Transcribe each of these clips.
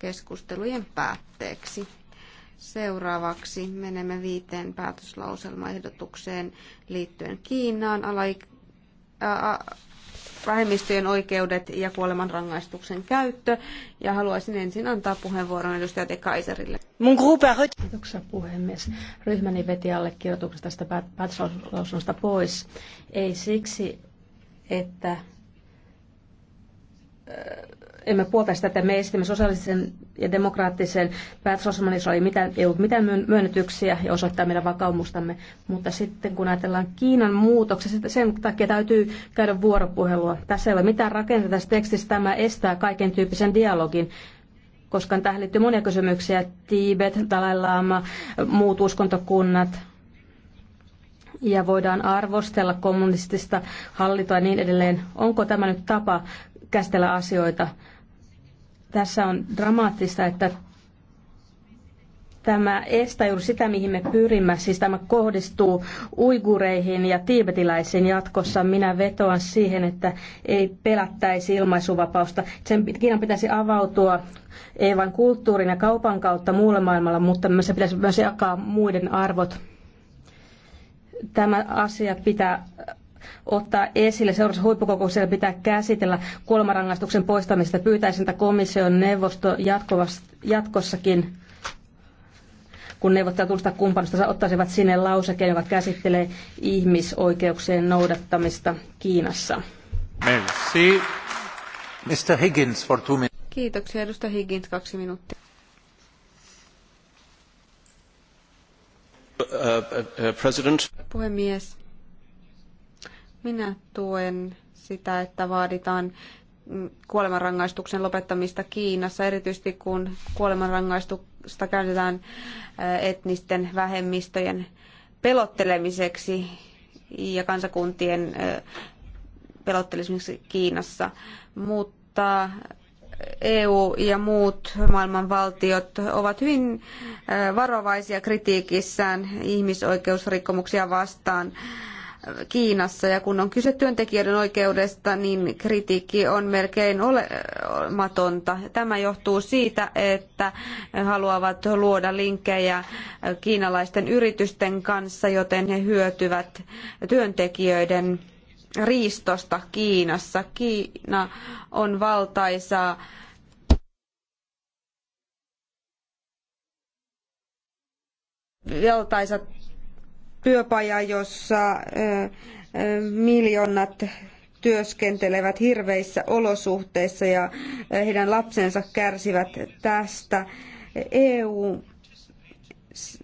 keskustelujen päätteeksi. Seuraavaksi menemme viiteen päätöslauselmaehdotukseen liittyen Kiinaan, alaik- vähemmistöjen oikeudet ja kuolemanrangaistuksen käyttö. Ja haluaisin ensin antaa puheenvuoron edustaja De Kaiserille. Mun Kiitoksia puhemies. Ryhmäni veti allekirjoituksesta tästä päätöslausunnosta pois. Ei siksi, että emme puolta sitä, että me esitimme sosiaalisen ja demokraattisen päätösosaman, jossa ei, mitään, ei ollut mitään myönnytyksiä ja osoittaa meidän vakaumustamme. Mutta sitten kun ajatellaan Kiinan muutoksesta, sen takia täytyy käydä vuoropuhelua. Tässä ei ole mitään rakenteita tässä tekstissä, tämä estää kaiken tyyppisen dialogin koska tähän liittyy monia kysymyksiä, Tiibet, Dalai Lama, muut uskontokunnat, ja voidaan arvostella kommunistista hallintoa ja niin edelleen. Onko tämä nyt tapa käsitellä asioita? Tässä on dramaattista, että tämä estää juuri sitä, mihin me pyrimme. Siis tämä kohdistuu uigureihin ja tiibetiläisiin jatkossa. Minä vetoan siihen, että ei pelättäisi ilmaisuvapausta. Sen Kiinan pitäisi avautua ei vain kulttuurin ja kaupan kautta muulle maailmalle, mutta se pitäisi myös jakaa muiden arvot. Tämä asia pitää ottaa esille. Seuraavassa huippukokouksessa pitää käsitellä kuolemanrangaistuksen poistamista. Pyytäisin, että komission neuvosto jatkossakin kun neuvottelutusta kumppanusta ottaisivat sinne lausekkeen, joka käsittelee ihmisoikeuksien noudattamista Kiinassa. Merci. Mr. Higgins for two minutes. Kiitoksia. Edustaja Higgins, kaksi minuuttia. Uh, uh, uh, President. Puhemies, minä tuen sitä, että vaaditaan mm, kuolemanrangaistuksen lopettamista Kiinassa, erityisesti kun kuolemanrangaistusta käytetään äh, etnisten vähemmistöjen pelottelemiseksi ja kansakuntien äh, pelottelemiseksi Kiinassa. Mutta EU ja muut maailman valtiot ovat hyvin äh, varovaisia kritiikissään ihmisoikeusrikkomuksia vastaan Kiinassa. Ja kun on kyse työntekijöiden oikeudesta, niin kritiikki on melkein olematonta. Tämä johtuu siitä, että haluavat luoda linkkejä kiinalaisten yritysten kanssa, joten he hyötyvät työntekijöiden riistosta Kiinassa. Kiina on valtaisa valtaisa työpaja, jossa miljoonat työskentelevät hirveissä olosuhteissa ja heidän lapsensa kärsivät tästä. EU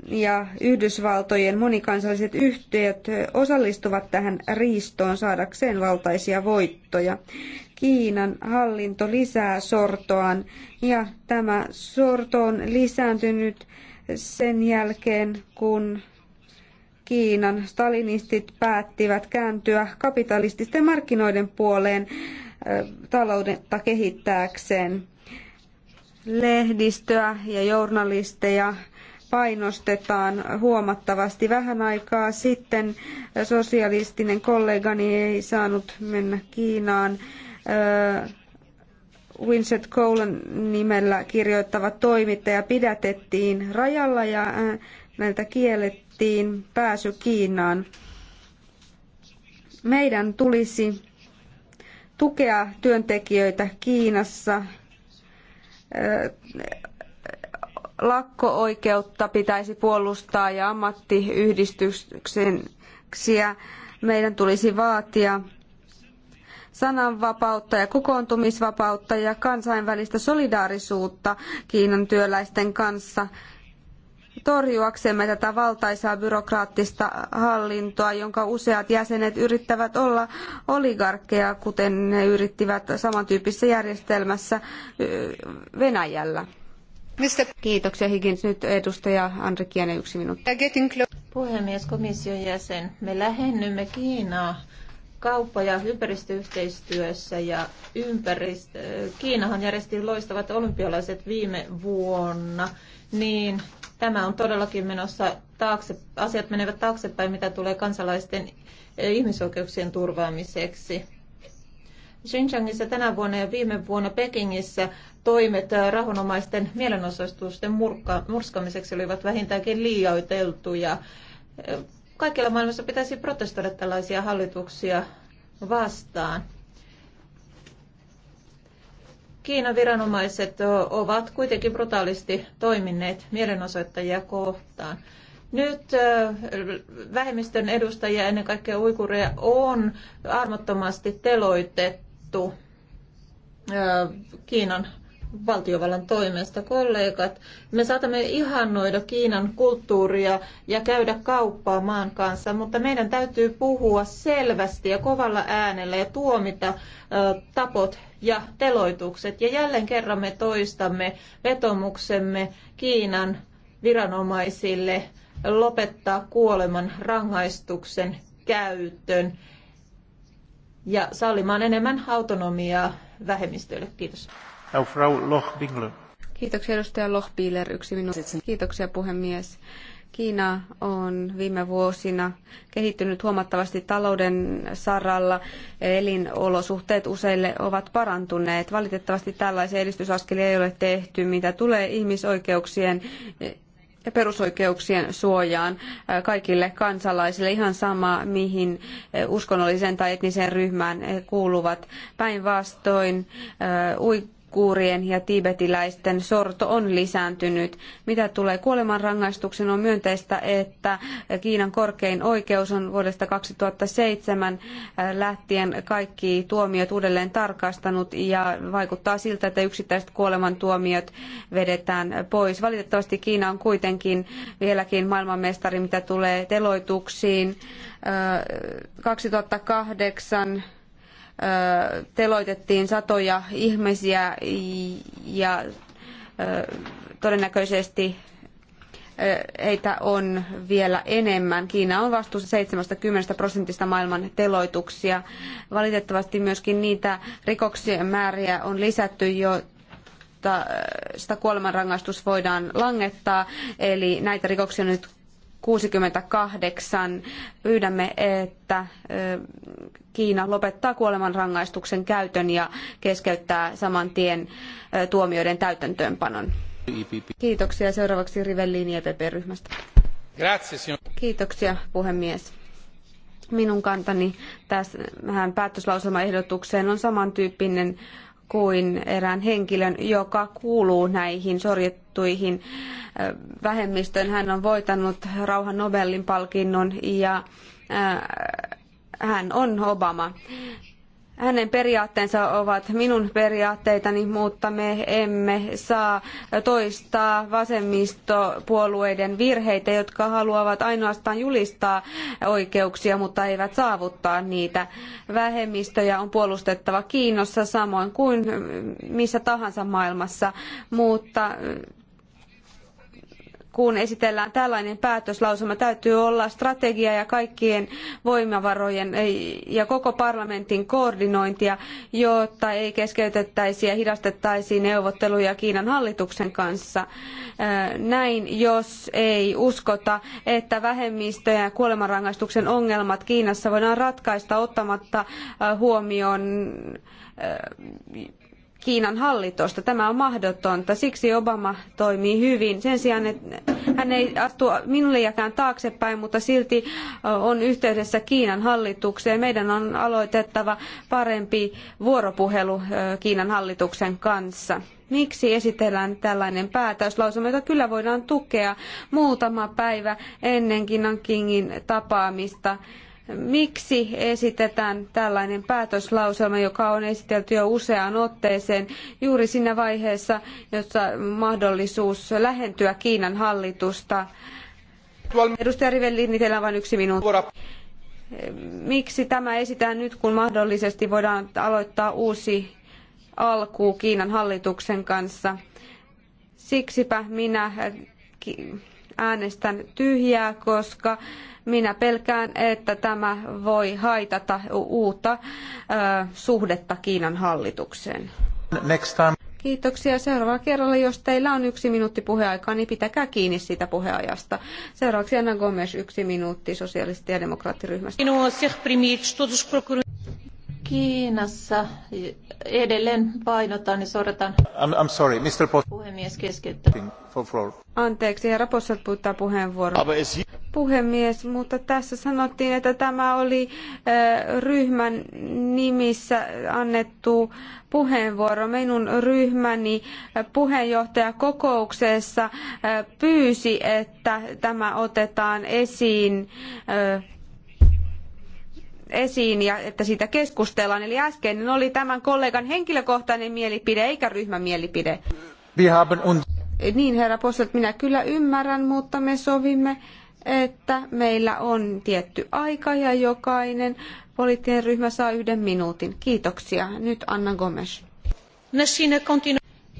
ja Yhdysvaltojen monikansalliset yhtiöt osallistuvat tähän riistoon saadakseen valtaisia voittoja. Kiinan hallinto lisää sortoaan ja tämä sorto on lisääntynyt sen jälkeen, kun Kiinan stalinistit päättivät kääntyä kapitalististen markkinoiden puoleen taloudetta kehittääkseen. Lehdistöä ja journalisteja painostetaan huomattavasti. Vähän aikaa sitten sosialistinen kollegani ei saanut mennä Kiinaan. Winsett Colen nimellä kirjoittava toimittaja pidätettiin rajalla ja näiltä kielet, estettiin pääsy Kiinaan. Meidän tulisi tukea työntekijöitä Kiinassa. Lakko-oikeutta pitäisi puolustaa ja ammattiyhdistyksiä meidän tulisi vaatia sananvapautta ja kokoontumisvapautta ja kansainvälistä solidaarisuutta Kiinan työläisten kanssa torjuaksemme tätä valtaisaa byrokraattista hallintoa, jonka useat jäsenet yrittävät olla oligarkkeja, kuten ne yrittivät samantyyppisessä järjestelmässä Venäjällä. Kiitoksia Higgins. Nyt edustaja Andri yksi minuutti. Puhemies, komission jäsen, me lähennymme Kiinaa kauppa- ja ympäristöyhteistyössä ja ympäristö... Kiinahan järjesti loistavat olympialaiset viime vuonna, niin Tämä on todellakin menossa taakse, asiat menevät taaksepäin, mitä tulee kansalaisten eh, ihmisoikeuksien turvaamiseksi. Xinjiangissa tänä vuonna ja viime vuonna Pekingissä toimet eh, rahonomaisten mielenosoitusten murka- murskamiseksi olivat vähintäänkin liioiteltuja. Eh, Kaikilla maailmassa pitäisi protestoida tällaisia hallituksia vastaan. Kiinan viranomaiset ovat kuitenkin brutaalisti toimineet mielenosoittajia kohtaan. Nyt vähemmistön edustajia, ennen kaikkea uikureja, on armottomasti teloitettu Kiinan valtiovallan toimesta kollegat. Me saatamme ihannoida Kiinan kulttuuria ja käydä kauppaa maan kanssa, mutta meidän täytyy puhua selvästi ja kovalla äänellä ja tuomita tapot ja teloitukset. Ja jälleen kerran me toistamme vetomuksemme Kiinan viranomaisille lopettaa kuoleman rangaistuksen käytön ja sallimaan enemmän autonomiaa vähemmistöille. Kiitos. Frau Kiitoksia edustaja Lochbieler, yksi minuutti. Kiitoksia puhemies. Kiina on viime vuosina kehittynyt huomattavasti talouden saralla. Elinolosuhteet useille ovat parantuneet. Valitettavasti tällaisia edistysaskelia ei ole tehty, mitä tulee ihmisoikeuksien ja perusoikeuksien suojaan kaikille kansalaisille, ihan sama mihin uskonnolliseen tai etniseen ryhmään he kuuluvat. Päinvastoin uiguurien ja tiibetiläisten sorto on lisääntynyt. Mitä tulee kuolemanrangaistuksen, on myönteistä, että Kiinan korkein oikeus on vuodesta 2007 äh, lähtien kaikki tuomiot uudelleen tarkastanut ja vaikuttaa siltä, että yksittäiset kuolemantuomiot vedetään pois. Valitettavasti Kiina on kuitenkin vieläkin maailmanmestari, mitä tulee teloituksiin. 2008 äh, teloitettiin satoja ihmisiä ja todennäköisesti heitä on vielä enemmän. Kiina on vastuussa 70 prosentista maailman teloituksia. Valitettavasti myöskin niitä rikoksien määriä on lisätty, joista sitä kuolemanrangaistus voidaan langettaa. Eli näitä rikoksia on nyt 68. Pyydämme, että Kiina lopettaa kuolemanrangaistuksen käytön ja keskeyttää saman tien tuomioiden täytäntöönpanon. Kiitoksia. Seuraavaksi Rivellini EPP-ryhmästä. Kiitoksia, puhemies minun kantani tähän päätöslauselmaehdotukseen on samantyyppinen kuin erään henkilön, joka kuuluu näihin sorjettuihin vähemmistöön. Hän on voitanut rauhan Nobelin palkinnon ja hän on Obama hänen periaatteensa ovat minun periaatteitani, mutta me emme saa toistaa vasemmistopuolueiden virheitä, jotka haluavat ainoastaan julistaa oikeuksia, mutta eivät saavuttaa niitä. Vähemmistöjä on puolustettava Kiinassa samoin kuin missä tahansa maailmassa, mutta kun esitellään tällainen päätöslausuma, täytyy olla strategia ja kaikkien voimavarojen ja koko parlamentin koordinointia, jotta ei keskeytettäisi ja hidastettaisi neuvotteluja Kiinan hallituksen kanssa. Äh, näin, jos ei uskota, että vähemmistöjen ja kuolemanrangaistuksen ongelmat Kiinassa voidaan ratkaista ottamatta äh, huomioon äh, Kiinan hallitusta. Tämä on mahdotonta. Siksi Obama toimii hyvin. Sen sijaan, että hän ei astu minullejakään taaksepäin, mutta silti on yhteydessä Kiinan hallitukseen. Meidän on aloitettava parempi vuoropuhelu Kiinan hallituksen kanssa. Miksi esitellään tällainen päätöslausuma, jota kyllä voidaan tukea muutama päivä ennen Kiinan Kingin tapaamista? Miksi esitetään tällainen päätöslauselma, joka on esitelty jo useaan otteeseen juuri siinä vaiheessa, jossa mahdollisuus lähentyä Kiinan hallitusta? Edustaja Rivellini, teillä on vain yksi minuutti miksi tämä esitään nyt, kun mahdollisesti voidaan aloittaa uusi alku Kiinan hallituksen kanssa. Siksipä minä äänestän tyhjää, koska minä pelkään, että tämä voi haitata uutta suhdetta Kiinan hallitukseen. Kiitoksia. Seuraavalla kerralla, jos teillä on yksi minuutti puheaikaa, niin pitäkää kiinni siitä puheajasta. Seuraavaksi Anna Gomes, yksi minuutti sosialisti- ja demokraattiryhmästä. Kiinassa edelleen painotan ja sorretan. I'm, I'm sorry, Mr. Post. Puhemies keskeyttää. Anteeksi, herra puuttaa puheenvuoron. Puhemies, mutta tässä sanottiin, että tämä oli ryhmän nimissä annettu puheenvuoro. Minun ryhmäni puheenjohtajakokouksessa pyysi, että tämä otetaan esiin esiin ja että siitä keskustellaan. Eli äskeinen oli tämän kollegan henkilökohtainen mielipide eikä ryhmän mielipide. Niin, herra Posselt, minä kyllä ymmärrän, mutta me sovimme, että meillä on tietty aika ja jokainen poliittinen ryhmä saa yhden minuutin. Kiitoksia. Nyt Anna Gomes.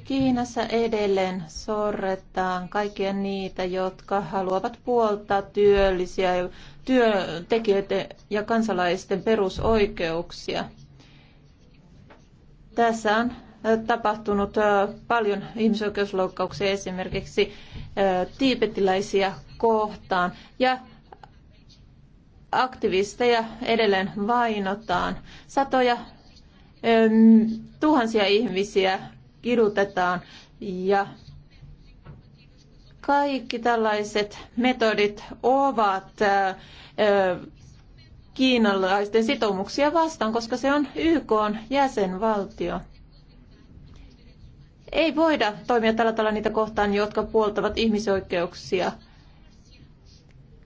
Kiinassa edelleen sorretaan kaikkia niitä, jotka haluavat puoltaa työllisiä, työntekijöiden ja kansalaisten perusoikeuksia. Tässä on tapahtunut paljon ihmisoikeusloukkauksia esimerkiksi tiipetiläisiä kohtaan ja aktivisteja edelleen vainotaan. Satoja tuhansia ihmisiä kidutetaan ja kaikki tällaiset metodit ovat kiinalaisten sitoumuksia vastaan, koska se on YK on jäsenvaltio. Ei voida toimia tällä tavalla niitä kohtaan, jotka puoltavat ihmisoikeuksia.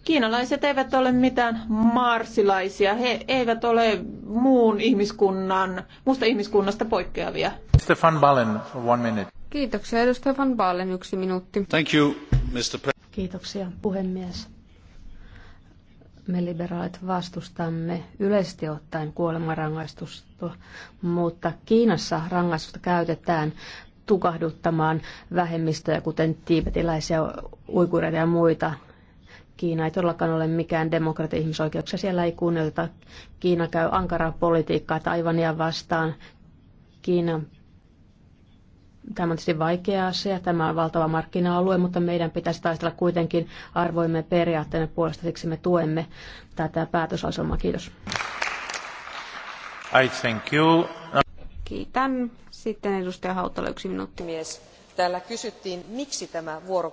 Kiinalaiset eivät ole mitään marsilaisia. He eivät ole muun ihmiskunnan, muusta ihmiskunnasta poikkeavia. Stefan Ballen, one minute. Kiitoksia, edustaja Van Baalen, yksi minuutti. Thank you, Mr. Pre- Kiitoksia, puhemies. Me liberaalit vastustamme yleisesti ottaen kuolemanrangaistusta, mutta Kiinassa rangaistusta käytetään tukahduttamaan vähemmistöjä, kuten tiibetiläisiä, uikureita ja muita Kiina ei todellakaan ole mikään demokratia ihmisoikeuksia. Siellä ei kuunnelta. Kiina käy ankaraa politiikkaa Taivania vastaan. Kiina Tämä on tietysti vaikea asia, tämä on valtava markkina-alue, mutta meidän pitäisi taistella kuitenkin arvoimme periaatteen puolesta, siksi me tuemme tätä päätösasemaa. Kiitos. I thank you. Kiitän. Sitten edustaja Hautala, yksi minuutti. Mies. Täällä kysyttiin, miksi tämä vuoro,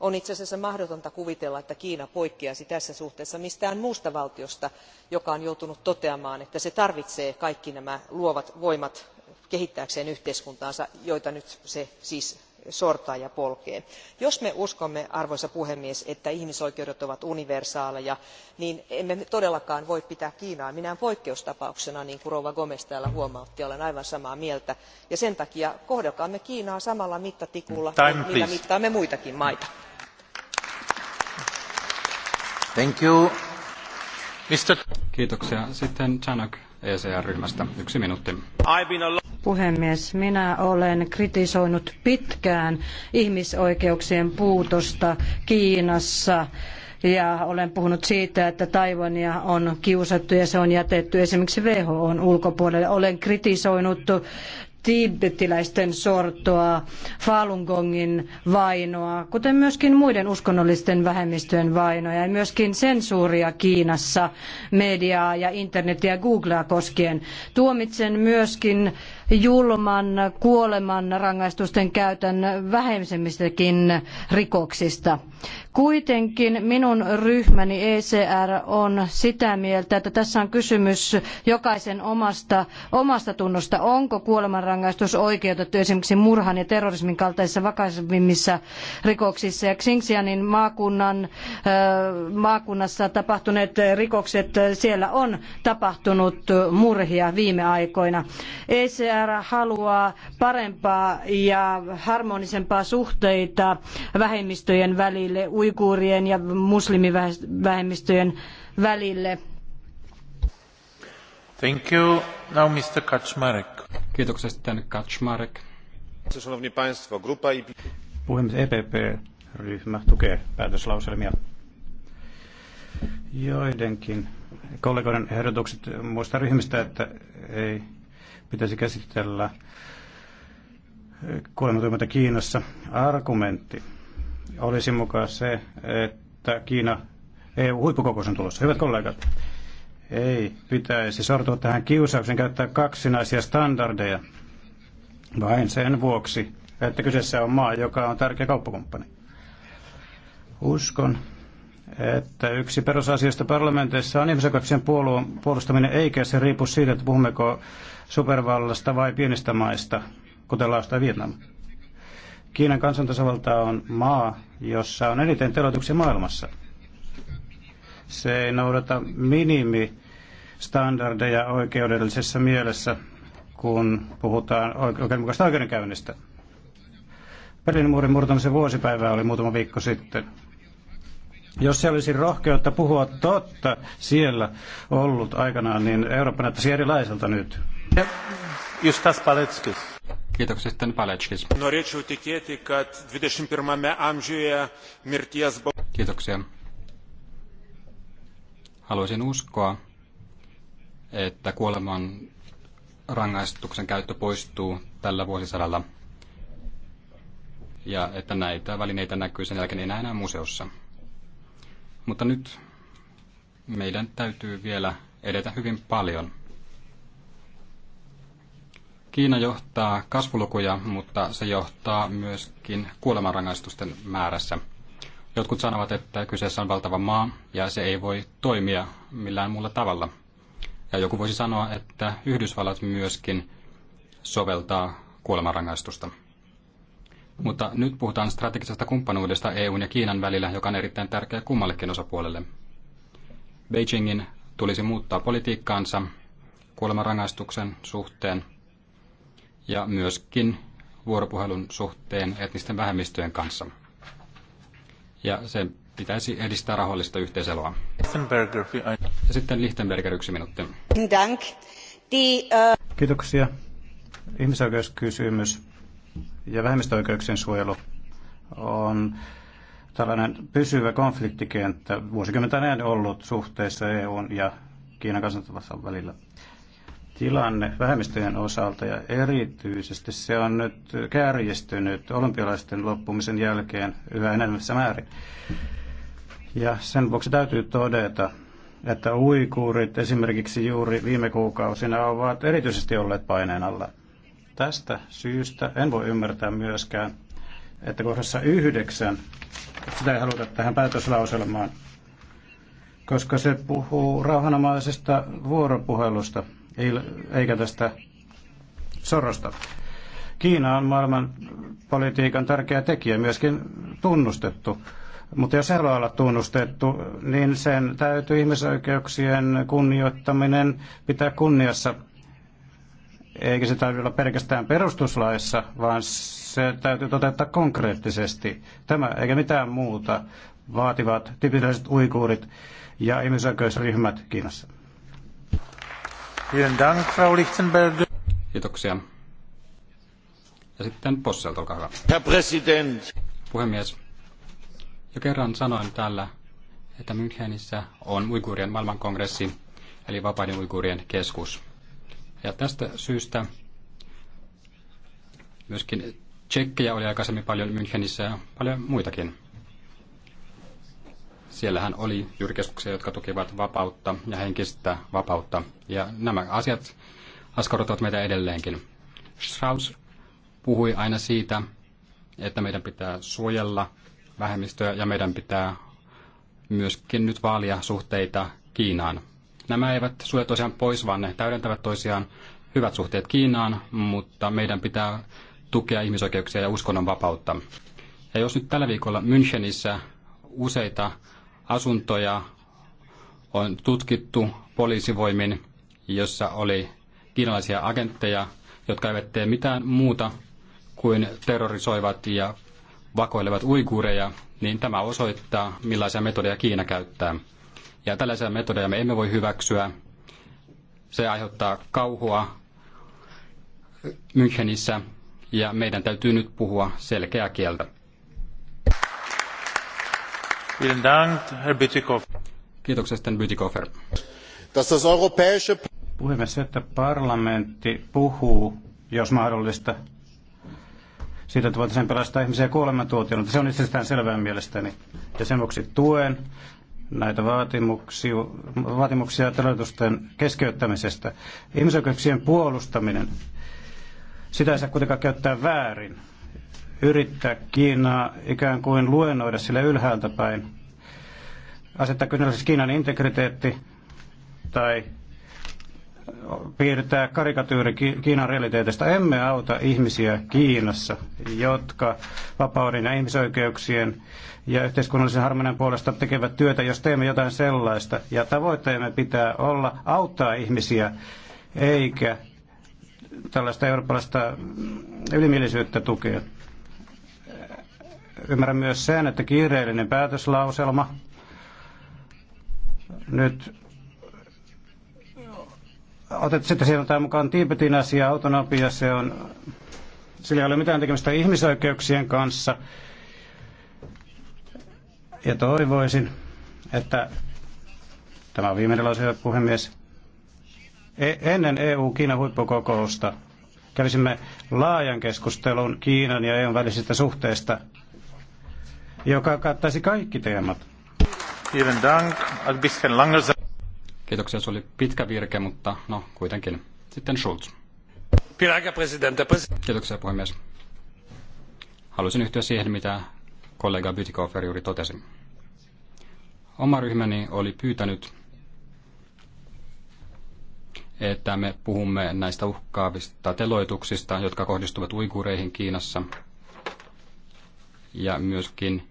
on itse asiassa mahdotonta kuvitella että kiina poikkeaisi tässä suhteessa mistään muusta valtiosta joka on joutunut toteamaan että se tarvitsee kaikki nämä luovat voimat kehittääkseen yhteiskuntaansa joita nyt se siis sortaa ja polkee. jos me uskomme että ihmisoikeudet ovat universaaleja niin emme me todellakaan voi pitää kiinaa minään poikkeustapauksena niin kuin rouva gomes täällä huomautti ja olen aivan samaa mieltä ja sen takia kohdelkaamme kiinaa samalla mittatikulla millä mittaamme muitakin maita. Thank you. Mr. Kiitoksia. Sitten Chanak ECR-ryhmästä. Yksi minuutti. Puhemies, minä olen kritisoinut pitkään ihmisoikeuksien puutosta Kiinassa ja olen puhunut siitä, että Taiwania on kiusattu ja se on jätetty esimerkiksi WHOn ulkopuolelle. Olen kritisoinut tiibetiläisten sortoa, Falun Gongin vainoa, kuten myöskin muiden uskonnollisten vähemmistöjen vainoja ja myöskin sensuuria Kiinassa, mediaa ja internetiä Googlea koskien. Tuomitsen myöskin julman kuoleman rangaistusten käytön vähemmistökin rikoksista. Kuitenkin minun ryhmäni ECR on sitä mieltä, että tässä on kysymys jokaisen omasta, omasta tunnosta, onko kuolemanrangaistus kuolemanrangaistus oikeutettu esimerkiksi murhan ja terrorismin kaltaisissa vakavimmissa rikoksissa. Ja Xinjiangin maakunnan, maakunnassa tapahtuneet rikokset, siellä on tapahtunut murhia viime aikoina. ECR haluaa parempaa ja harmonisempaa suhteita vähemmistöjen välille, uikuurien ja muslimivähemmistöjen välille. Thank you. Now Mr. Kaczmarek. Puhemies EPP-ryhmä tukee päätöslauselmia. Joidenkin kollegoiden ehdotukset muista ryhmistä, että ei pitäisi käsitellä kuolematuimata Kiinassa. Argumentti olisi mukaan se, että Kiina EU-huippukokous on tulossa. Hyvät kollegat, ei pitäisi sortua tähän kiusauksen käyttää kaksinaisia standardeja vain sen vuoksi, että kyseessä on maa, joka on tärkeä kauppakumppani. Uskon, että yksi perusasioista parlamenteissa on ihmisoikeuksien puolustaminen, eikä se riipu siitä, että puhummeko supervallasta vai pienistä maista, kuten Laos tai Vietnam. Kiinan kansantasavalta on maa, jossa on eniten teloituksia maailmassa – se ei noudata minimistandardeja oikeudellisessa mielessä, kun puhutaan oikeudenmukaisesta oikeudenkäynnistä. Berliinin muurin murtamisen vuosipäivä oli muutama viikko sitten. Jos se olisi rohkeutta puhua totta siellä ollut aikanaan, niin Eurooppa näyttäisi erilaiselta nyt. Justas Paletskis. Kiitoksia sitten Paletskis. Norėčiau tikėti, kad 21 amžiuje mirties... Kiitoksia. Haluaisin uskoa, että kuoleman rangaistuksen käyttö poistuu tällä vuosisadalla ja että näitä välineitä näkyy sen jälkeen enää enää museossa. Mutta nyt meidän täytyy vielä edetä hyvin paljon. Kiina johtaa kasvulukuja, mutta se johtaa myöskin kuolemanrangaistusten määrässä – Jotkut sanovat, että kyseessä on valtava maa ja se ei voi toimia millään muulla tavalla. Ja joku voisi sanoa, että Yhdysvallat myöskin soveltaa kuolemanrangaistusta. Mutta nyt puhutaan strategisesta kumppanuudesta EUn ja Kiinan välillä, joka on erittäin tärkeä kummallekin osapuolelle. Beijingin tulisi muuttaa politiikkaansa kuolemanrangaistuksen suhteen ja myöskin vuoropuhelun suhteen etnisten vähemmistöjen kanssa ja sen pitäisi edistää rahoillista yhteiseloa. Ja sitten Lichtenberger yksi minuutti. Äh, Kiitoksia. Ihmisoikeuskysymys ja vähemmistöoikeuksien suojelu on tällainen pysyvä konfliktikenttä vuosikymmentä ajan ollut suhteessa EUn ja Kiinan kansantavassa välillä tilanne vähemmistöjen osalta ja erityisesti se on nyt kärjistynyt olympialaisten loppumisen jälkeen yhä enemmässä määrin. Ja sen vuoksi täytyy todeta, että uikuurit esimerkiksi juuri viime kuukausina ovat erityisesti olleet paineen alla. Tästä syystä en voi ymmärtää myöskään, että kohdassa yhdeksän, sitä ei haluta tähän päätöslauselmaan, koska se puhuu rauhanomaisesta vuoropuhelusta – eikä tästä sorosta. Kiina on maailman politiikan tärkeä tekijä, myöskin tunnustettu. Mutta jos se haluaa olla tunnustettu, niin sen täytyy ihmisoikeuksien kunnioittaminen pitää kunniassa. Eikä se täytyy olla pelkästään perustuslaissa, vaan se täytyy toteuttaa konkreettisesti. Tämä eikä mitään muuta vaativat tyypilliset uikuurit ja ihmisoikeusryhmät Kiinassa. Kiitoksia. Ja Herr Puhemies. Jo kerran sanoin täällä, että Münchenissä on uiguurien maailmankongressi, eli vapaiden uiguurien keskus. Ja tästä syystä myöskin tsekkejä oli aikaisemmin paljon Münchenissä ja paljon muitakin. Siellähän oli juurikeskuksia, jotka tukivat vapautta ja henkistä vapautta. Ja nämä asiat askarruttavat meitä edelleenkin. Strauss puhui aina siitä, että meidän pitää suojella vähemmistöä ja meidän pitää myöskin nyt vaalia suhteita Kiinaan. Nämä eivät sulje toisiaan pois, vaan ne täydentävät toisiaan hyvät suhteet Kiinaan, mutta meidän pitää tukea ihmisoikeuksia ja uskonnonvapautta. Ja jos nyt tällä viikolla Münchenissä useita asuntoja on tutkittu poliisivoimin, jossa oli kiinalaisia agentteja, jotka eivät tee mitään muuta kuin terrorisoivat ja vakoilevat uiguureja, niin tämä osoittaa, millaisia metodeja Kiina käyttää. Ja tällaisia metodeja me emme voi hyväksyä. Se aiheuttaa kauhua Münchenissä ja meidän täytyy nyt puhua selkeää kieltä. Kiitoksia Puhemies, se, että parlamentti puhuu, jos mahdollista, siitä, että voitaisiin pelastaa ihmisiä kuolemantuotiolta. Se on itsestään selvää mielestäni. Ja sen vuoksi tuen näitä vaatimuksia, vaatimuksia teloitusten keskeyttämisestä. Ihmisoikeuksien puolustaminen, sitä ei saa kuitenkaan käyttää väärin yrittää Kiinaa ikään kuin luennoida sille ylhäältä päin. Asettaa kysymys siis Kiinan integriteetti tai piirtää karikatyyri Kiinan realiteetista. Emme auta ihmisiä Kiinassa, jotka vapauden ja ihmisoikeuksien ja yhteiskunnallisen harmonian puolesta tekevät työtä, jos teemme jotain sellaista. Ja tavoitteemme pitää olla auttaa ihmisiä, eikä tällaista eurooppalaista ylimielisyyttä tukea. Ymmärrän myös sen, että kiireellinen päätöslauselma nyt otet, sitten siirrytään mukaan Tiibetin asia, autonomia, se on, sillä ei ole mitään tekemistä ihmisoikeuksien kanssa. Ja toivoisin, että tämä on viimeinen lause, puhemies. E- ennen EU-Kiinan huippukokousta kävisimme laajan keskustelun Kiinan ja EUn välisistä suhteista joka kattaisi kaikki teemat. Kiitoksia, se oli pitkä virke, mutta no kuitenkin. Sitten Schulz. Kiitoksia puhemies. Haluaisin yhtyä siihen, mitä kollega Bytikofer juuri totesi. Oma ryhmäni oli pyytänyt, että me puhumme näistä uhkaavista teloituksista, jotka kohdistuvat uiguureihin Kiinassa, ja myöskin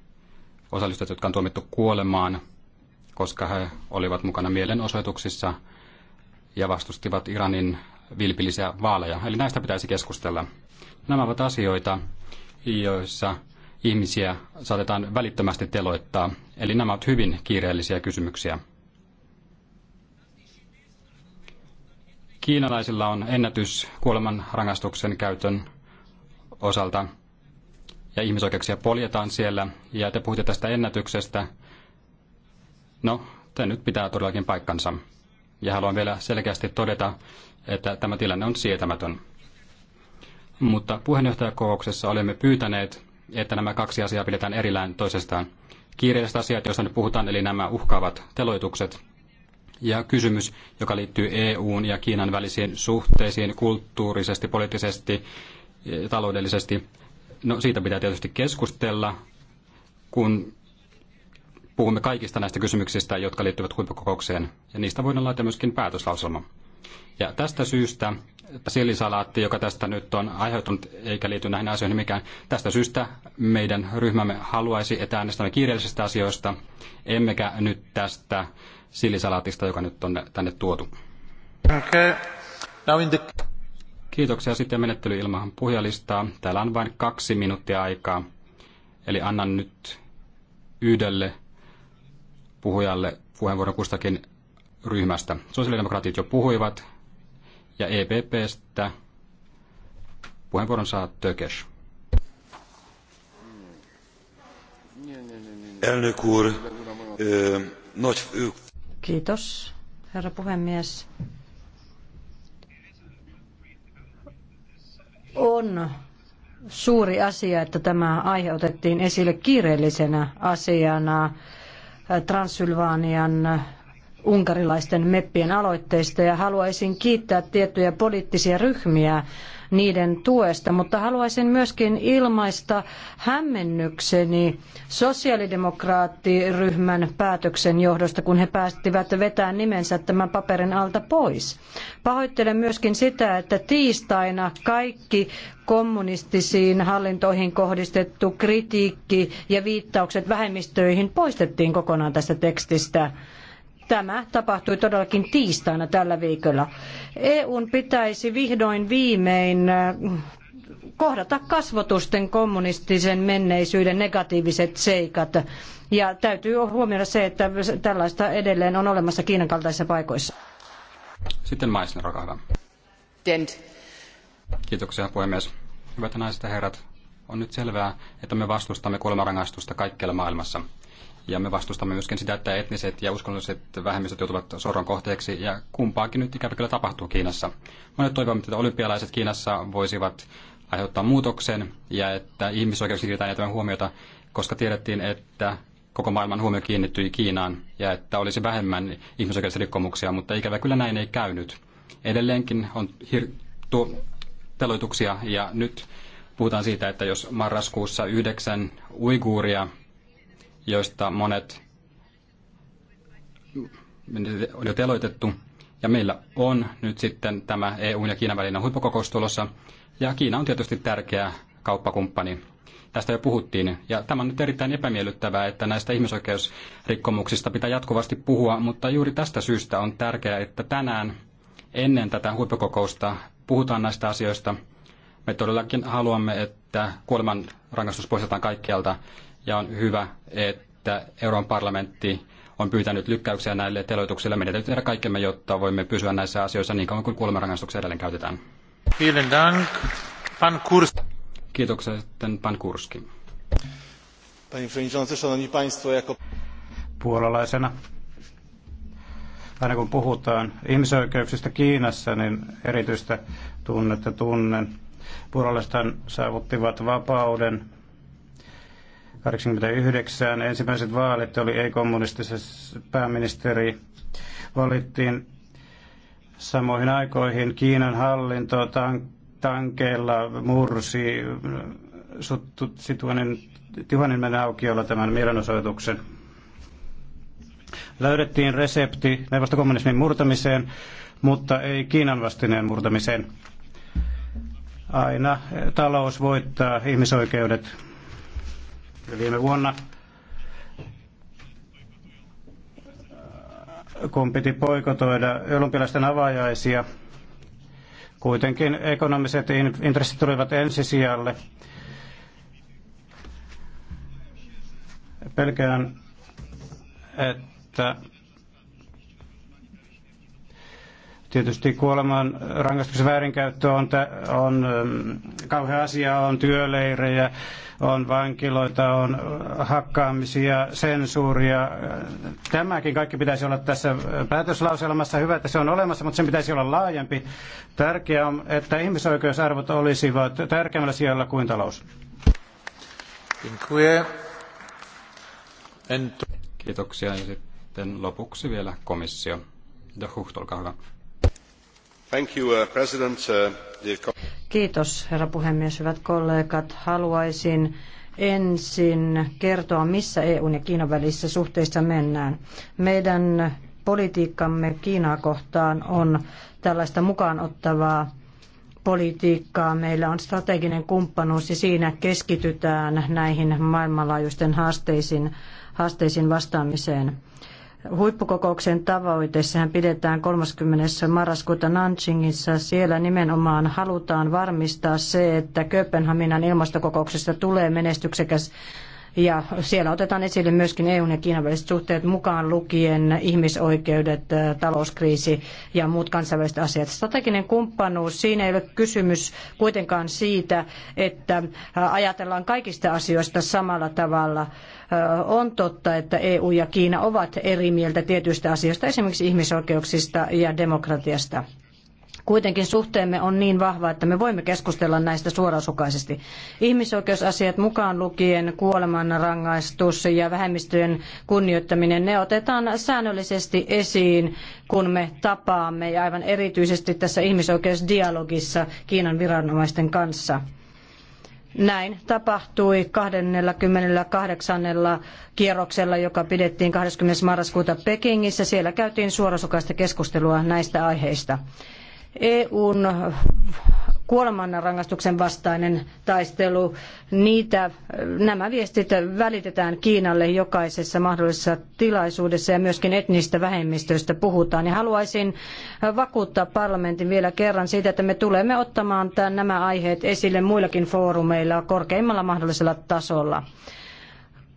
osallistujat, jotka on tuomittu kuolemaan, koska he olivat mukana mielenosoituksissa ja vastustivat Iranin vilpillisiä vaaleja. Eli näistä pitäisi keskustella. Nämä ovat asioita, joissa ihmisiä saatetaan välittömästi teloittaa. Eli nämä ovat hyvin kiireellisiä kysymyksiä. Kiinalaisilla on ennätys kuolemanrangaistuksen käytön osalta ja ihmisoikeuksia poljetaan siellä. Ja te puhutte tästä ennätyksestä. No, te nyt pitää todellakin paikkansa. Ja haluan vielä selkeästi todeta, että tämä tilanne on sietämätön. Mutta puheenjohtajakokouksessa olemme pyytäneet, että nämä kaksi asiaa pidetään erillään toisestaan. Kiireelliset asiat, joista nyt puhutaan, eli nämä uhkaavat teloitukset, ja kysymys, joka liittyy EUn ja Kiinan välisiin suhteisiin kulttuurisesti, poliittisesti ja taloudellisesti. No siitä pitää tietysti keskustella, kun puhumme kaikista näistä kysymyksistä, jotka liittyvät huippukokoukseen, ja niistä voidaan laittaa myöskin päätöslauselma. Ja tästä syystä silisalaatti, joka tästä nyt on aiheutunut eikä liity näihin asioihin mikään, tästä syystä meidän ryhmämme haluaisi, että äänestämme kiireellisistä asioista, emmekä nyt tästä silisalaatista, joka nyt on tänne tuotu. Okay. Now in the... Kiitoksia. Sitten menettely ilman puhujalistaa. Täällä on vain kaksi minuuttia aikaa. Eli annan nyt yhdelle puhujalle puheenvuoron kustakin ryhmästä. Sosiaalidemokraatit jo puhuivat ja EPPstä puheenvuoron saa Tökes. Kiitos, herra puhemies. On suuri asia, että tämä aihe otettiin esille kiireellisenä asiana Transsylvanian unkarilaisten meppien aloitteista ja haluaisin kiittää tiettyjä poliittisia ryhmiä niiden tuesta, mutta haluaisin myöskin ilmaista hämmennykseni sosiaalidemokraattiryhmän päätöksen johdosta, kun he päästivät vetää nimensä tämän paperin alta pois. Pahoittelen myöskin sitä, että tiistaina kaikki kommunistisiin hallintoihin kohdistettu kritiikki ja viittaukset vähemmistöihin poistettiin kokonaan tästä tekstistä. Tämä tapahtui todellakin tiistaina tällä viikolla. EUn pitäisi vihdoin viimein äh, kohdata kasvotusten kommunistisen menneisyyden negatiiviset seikat. Ja täytyy huomioida se, että tällaista edelleen on olemassa Kiinan kaltaisissa paikoissa. Sitten Maisner, olkaa hyvä. Dent. Kiitoksia puhemies. Hyvät naiset ja herrat, on nyt selvää, että me vastustamme kuolemanrangaistusta kaikkialla maailmassa – ja me vastustamme myöskin sitä, että etniset ja uskonnolliset vähemmistöt joutuvat sorron kohteeksi, ja kumpaakin nyt ikävä kyllä tapahtuu Kiinassa. Monet toivovat että olympialaiset Kiinassa voisivat aiheuttaa muutoksen, ja että ihmisoikeuksia kiinnitetään enemmän huomiota, koska tiedettiin, että koko maailman huomio kiinnittyi Kiinaan, ja että olisi vähemmän ihmisoikeusrikkomuksia, mutta ikävä kyllä näin ei käynyt. Edelleenkin on hir- tuo teloituksia, ja nyt puhutaan siitä, että jos marraskuussa yhdeksän uiguuria joista monet on jo teloitettu. Ja meillä on nyt sitten tämä EU ja Kiinan välinen huippukokous tulossa. Ja Kiina on tietysti tärkeä kauppakumppani. Tästä jo puhuttiin. Ja tämä on nyt erittäin epämiellyttävää, että näistä ihmisoikeusrikkomuksista pitää jatkuvasti puhua, mutta juuri tästä syystä on tärkeää, että tänään ennen tätä huippukokousta puhutaan näistä asioista. Me todellakin haluamme, että kuoleman rangaistus poistetaan kaikkialta ja on hyvä, että Euroopan parlamentti on pyytänyt lykkäyksiä näille teloituksille. Meidän täytyy tehdä kaikkemme, jotta voimme pysyä näissä asioissa niin kauan kuin kuolemanrangaistuksia edelleen käytetään. Vielen dank. Pan Kurski. Kiitoksia sitten Pan Kurski. Puolalaisena. Aina kun puhutaan ihmisoikeuksista Kiinassa, niin erityistä tunnetta tunnen. Puolalaiset saavuttivat vapauden 1989 ensimmäiset vaalit oli ei-kommunistisessa pääministeri. Valittiin samoihin aikoihin Kiinan hallinto tank, tankeilla mursi Situanen Tihuanin aukiolla tämän mielenosoituksen. Löydettiin resepti neuvostokommunismin murtamiseen, mutta ei Kiinan vastineen murtamiseen. Aina talous voittaa ihmisoikeudet viime vuonna, kun piti poikotoida olympialaisten avajaisia. Kuitenkin ekonomiset intressit tulivat ensisijalle. Pelkään, että Tietysti kuoleman rangaistuksen väärinkäyttö on, on ähm, kauhea asia, on työleirejä, on vankiloita, on hakkaamisia, sensuuria. Tämäkin kaikki pitäisi olla tässä äh, päätöslauselmassa. Hyvä, että se on olemassa, mutta sen pitäisi olla laajempi. Tärkeää on, että ihmisoikeusarvot olisivat tärkeimmällä sijalla kuin talous. Kiitoksia. Ja sitten lopuksi vielä komissio. Ja huhtolkaa hyvä. Uh, uh, Kiitos herra puhemies, hyvät kollegat. Haluaisin ensin kertoa, missä EUn ja Kiinan välissä suhteissa mennään. Meidän politiikkamme Kiinaa kohtaan on tällaista mukaanottavaa politiikkaa. Meillä on strateginen kumppanuus ja siinä keskitytään näihin maailmanlaajuisten haasteisiin, haasteisiin vastaamiseen. Huippukokouksen tavoitteessahan pidetään 30. marraskuuta Nanjingissa. Siellä nimenomaan halutaan varmistaa se, että Kööpenhaminan ilmastokokouksesta tulee menestyksekäs ja siellä otetaan esille myöskin EUn ja Kiinan väliset suhteet mukaan lukien ihmisoikeudet, äh, talouskriisi ja muut kansainväliset asiat. Strateginen kumppanuus, siinä ei ole kysymys kuitenkaan siitä, että äh, ajatellaan kaikista asioista samalla tavalla. Äh, on totta, että EU ja Kiina ovat eri mieltä tietyistä asioista, esimerkiksi ihmisoikeuksista ja demokratiasta. Kuitenkin suhteemme on niin vahva, että me voimme keskustella näistä suorasukaisesti. Ihmisoikeusasiat mukaan lukien kuolemanrangaistus ja vähemmistöjen kunnioittaminen, ne otetaan säännöllisesti esiin, kun me tapaamme ja aivan erityisesti tässä ihmisoikeusdialogissa Kiinan viranomaisten kanssa. Näin tapahtui 28. kierroksella, joka pidettiin 20. marraskuuta Pekingissä. Siellä käytiin suorasukaista keskustelua näistä aiheista. EUn kuolemanrangaistuksen vastainen taistelu, niitä, nämä viestit välitetään Kiinalle jokaisessa mahdollisessa tilaisuudessa ja myöskin etnistä vähemmistöistä puhutaan. Ja haluaisin vakuuttaa parlamentin vielä kerran siitä, että me tulemme ottamaan tämän, nämä aiheet esille muillakin foorumeilla korkeimmalla mahdollisella tasolla.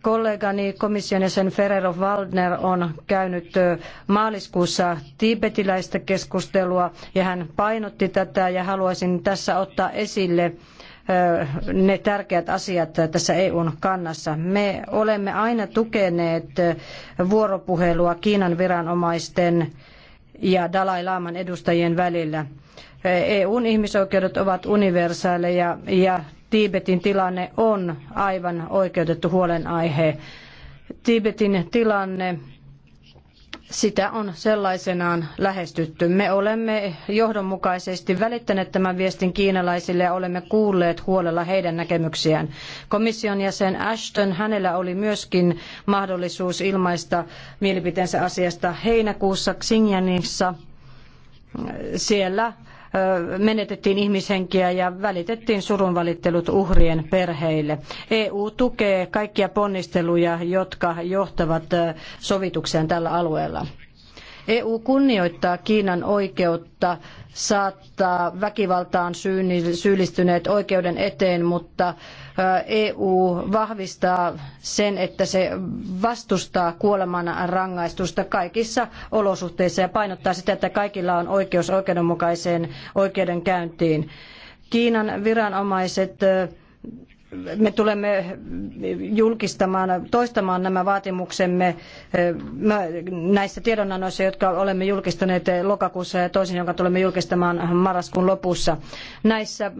Kollegani komission jäsen Ferrero Waldner on käynyt maaliskuussa tiibetiläistä keskustelua ja hän painotti tätä ja haluaisin tässä ottaa esille ne tärkeät asiat tässä EUn kannassa. Me olemme aina tukeneet vuoropuhelua Kiinan viranomaisten ja Dalai Laaman edustajien välillä. EUn ihmisoikeudet ovat universaaleja ja Tiibetin tilanne on aivan oikeutettu huolenaihe. Tiibetin tilanne sitä on sellaisenaan lähestytty. Me olemme johdonmukaisesti välittäneet tämän viestin kiinalaisille ja olemme kuulleet huolella heidän näkemyksiään. Komission jäsen Ashton, hänellä oli myöskin mahdollisuus ilmaista mielipiteensä asiasta heinäkuussa Xinjiangissa. Siellä menetettiin ihmishenkiä ja välitettiin surunvalittelut uhrien perheille. EU tukee kaikkia ponnisteluja, jotka johtavat sovitukseen tällä alueella. EU kunnioittaa Kiinan oikeutta saattaa väkivaltaan syyllistyneet oikeuden eteen, mutta EU vahvistaa sen, että se vastustaa kuoleman rangaistusta kaikissa olosuhteissa ja painottaa sitä, että kaikilla on oikeus oikeudenmukaiseen oikeudenkäyntiin. Kiinan viranomaiset me tulemme julkistamaan, toistamaan nämä vaatimuksemme eh, näissä tiedonannoissa, jotka olemme julkistaneet lokakuussa ja toisin, jonka tulemme julkistamaan marraskuun lopussa. Näissä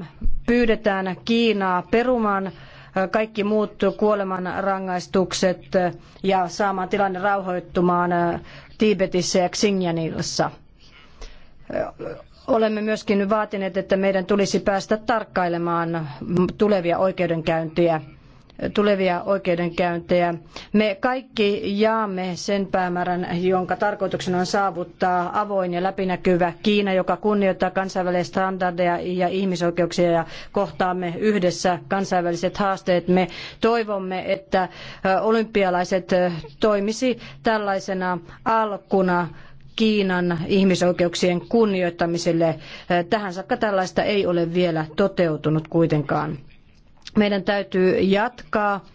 pyydetään Kiinaa perumaan eh, kaikki muut kuolemanrangaistukset eh, ja saamaan tilanne rauhoittumaan Tiibetissä ja Xinjiangissa Olemme myöskin vaatineet, että meidän tulisi päästä tarkkailemaan tulevia oikeudenkäyntejä tulevia oikeudenkäyntejä. Me kaikki jaamme sen päämäärän, jonka tarkoituksena on saavuttaa avoin ja läpinäkyvä Kiina, joka kunnioittaa kansainvälisiä standardeja ja ihmisoikeuksia ja kohtaamme yhdessä kansainväliset haasteet. Me toivomme, että olympialaiset toimisi tällaisena alkuna Kiinan ihmisoikeuksien kunnioittamiselle. Äh, tähän saakka tällaista ei ole vielä toteutunut kuitenkaan. Meidän täytyy jatkaa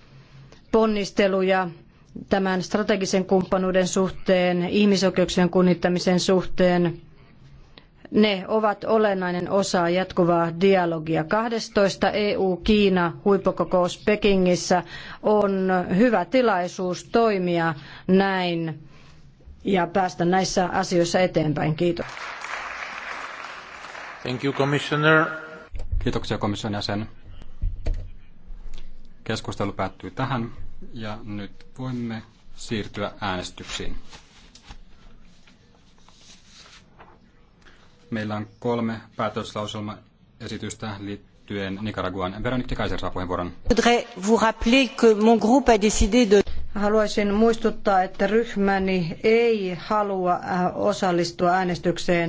ponnisteluja tämän strategisen kumppanuuden suhteen, ihmisoikeuksien kunnittamisen suhteen. Ne ovat olennainen osa jatkuvaa dialogia. 12. EU-Kiina huippukokous Pekingissä on hyvä tilaisuus toimia näin ja päästä näissä asioissa eteenpäin. Kiitos. Thank you, Commissioner. Kiitoksia komission jäsen. Keskustelu päättyy tähän ja nyt voimme siirtyä äänestyksiin. Meillä on kolme päätöslauselmaesitystä liittyen Nicaraguan. Veronique Kaiser saa puheenvuoron. Haluaisin muistuttaa, että ryhmäni ei halua äh, osallistua äänestykseen